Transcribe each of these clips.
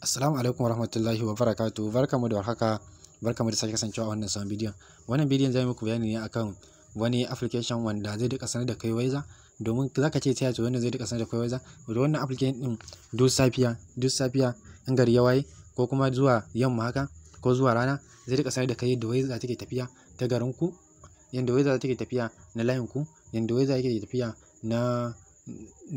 Assalamu alaikum warahmatullahi wabarakatuh. Barkamu da warhaka. Barkamu da sake kasancewa a wannan sabon bidiyon. Wannan bidiyon zai muku bayani ne akan wani application wanda zai duka sanar da kai waiza domin zaka ce ta yace wannan zai duka sanar da kai waiza. Da wannan application din duk safiya, duk safiya in gari ya waye ko kuma zuwa yamma haka ko zuwa rana zai duka sanar da kai yadda waiza take tafiya ta garin ku, yanda waiza take tafiya na layin ku, yanda waiza take tafiya na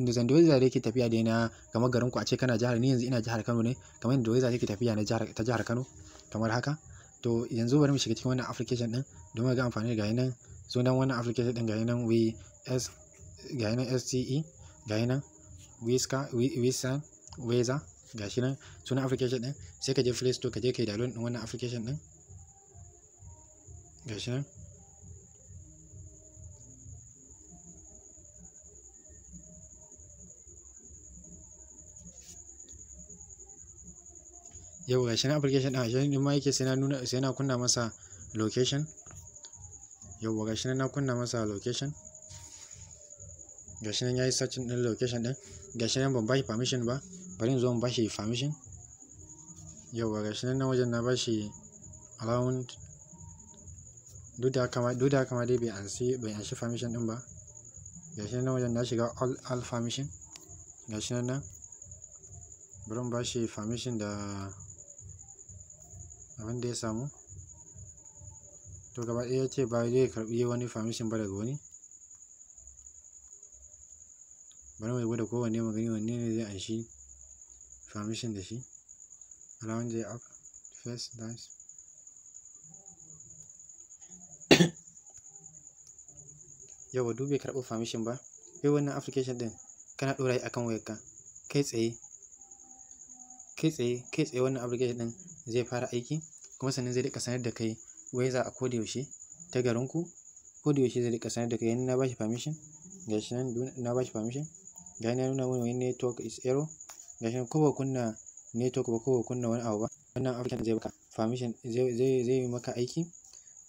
da zandawaiza da yake tafiya da na kamar garin ku a ce kana jihar ni yanzu ina jihar Kano ne kamar zandawaiza take tafiya na jihar ta jihar Kano kamar haka to yanzu bari mu shiga cikin wannan application din don ga amfani da gayi sunan wannan application din gayi we s gayi SCE, STE gayi Wiska Wisan Weza gashi nan sunan application din sai ka je Play Store ka je kai download din wannan application din gashi nan yau ga shi na application ɗin shi ma yake sai na nuna sai na kunna masa location yau ga shi na kunna masa location ga shi nan yayi searching ɗin location ɗin ga shi nan ban bashi permission ba bari in zo in bashi permission yau ga shi nan wajen na bashi around duk da haka duk da haka ma dai bai ansi bai anshi permission ɗin ba ga shi nan wajen na shiga all all permission ga shi nan nan bari in bashi permission da abin da ya samu to gaba ɗaya ya ce ba zai karɓi wani famishin ba daga wani bari mai gwada kowane magani wanne ne zai anshi famishin da shi allowing the app first dance yawa duk bai karɓi famishin ba kai wannan application ɗin kana ɗora yi a kan wayarka kai tsaye kai tsaye kai tsaye wannan application ɗin zai fara aiki kuma sannan zai rika sanar da kai waiza a koda yaushe ta garinku koda yaushe zai rika sanar da kai na bashi permission ga shi nan na bashi permission ga shi nuna mana wani network is error ga shi nan ko ba kunna network ba ko ba kunna wani abu ba wannan application zai baka permission zai zai yi maka aiki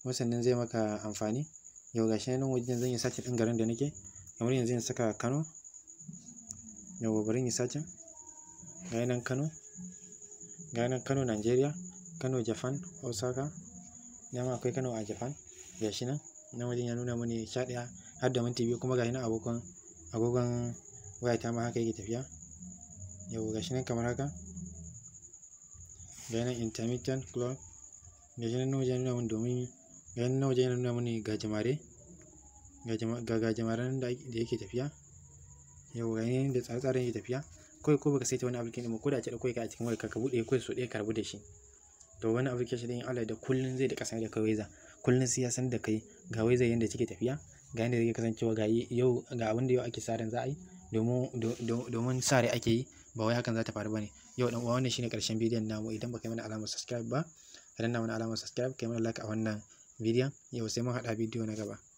kuma sannan zai maka amfani yau ga shi nan wajen zan yi sace ɗin garin da nake kamar yanzu in saka Kano yau bari in yi sace ga nan Kano ga nan Kano Nigeria Kano Japan Osaka dama akwai Kano a Japan gashi nan nan wajen ya nuna mani sha ɗaya har da minti biyu kuma gashi nan agogon waya ta ma haka yake tafiya yau gashi nan kamar haka gashi nan intermittent clock gashi nan wajen nuna mani domin gashi nan wajen nuna mani gajimare ga gajimaren da yake tafiya yau gashi nan da tsare-tsaren yake tafiya kawai ko baka saita wani application ɗin ba ko da ce ɗauko ka a cikin wayarka ka buɗe kawai su ɗaya ka rabu da shi to wani abu da yin Allah da kullun zai da kasance da kai waiza kullun sai ya san da kai ga waiza yanda kike tafiya ga yanda zai kasancewa ga yau ga abin da yau ake sa za a yi domin sare ake yi ba wai hakan za ta faru ba ne yau dan uwa wannan shine karshen bidiyon namu idan baka yi mana alamar subscribe ba ka danna mana alamar subscribe kai mana like a wannan bidiyon yau sai mun hada bidiyo na gaba